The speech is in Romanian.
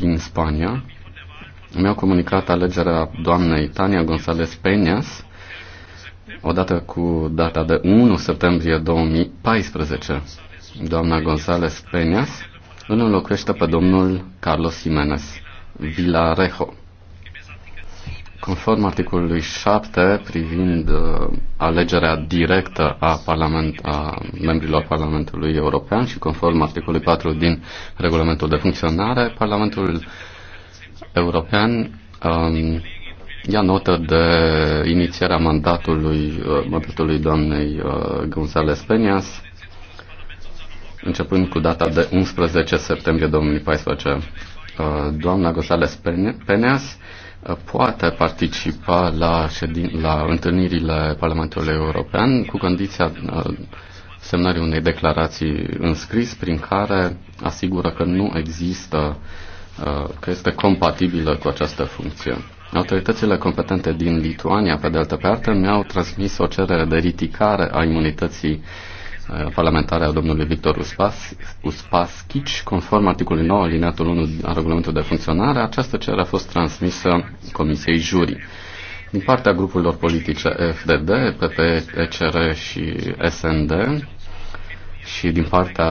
din Spania mi-au comunicat alegerea doamnei Tania González Peñas odată cu data de 1 septembrie 2014. Doamna González Peñas îl înlocuiește pe domnul Carlos Jiménez Villarejo. Conform articolului 7 privind uh, alegerea directă a, parlament, a membrilor Parlamentului European și conform articolului 4 din regulamentul de funcționare, Parlamentul European um, ia notă de inițierea mandatului, uh, mandatului doamnei uh, González Peñas începând cu data de 11 septembrie 2014. Uh, doamna González Peñas poate participa la, ședin, la întâlnirile Parlamentului European cu condiția uh, semnării unei declarații înscris prin care asigură că nu există, uh, că este compatibilă cu această funcție. Autoritățile competente din Lituania, pe de altă parte, mi-au transmis o cerere de ridicare a imunității Eh, parlamentare a domnului Victor Uspas, Uspaschici, conform articolului 9, alineatul 1 al regulamentului de funcționare, această cerere a fost transmisă Comisiei Jurii. Din partea grupurilor politice FDD, PPE, ECR și SND și din partea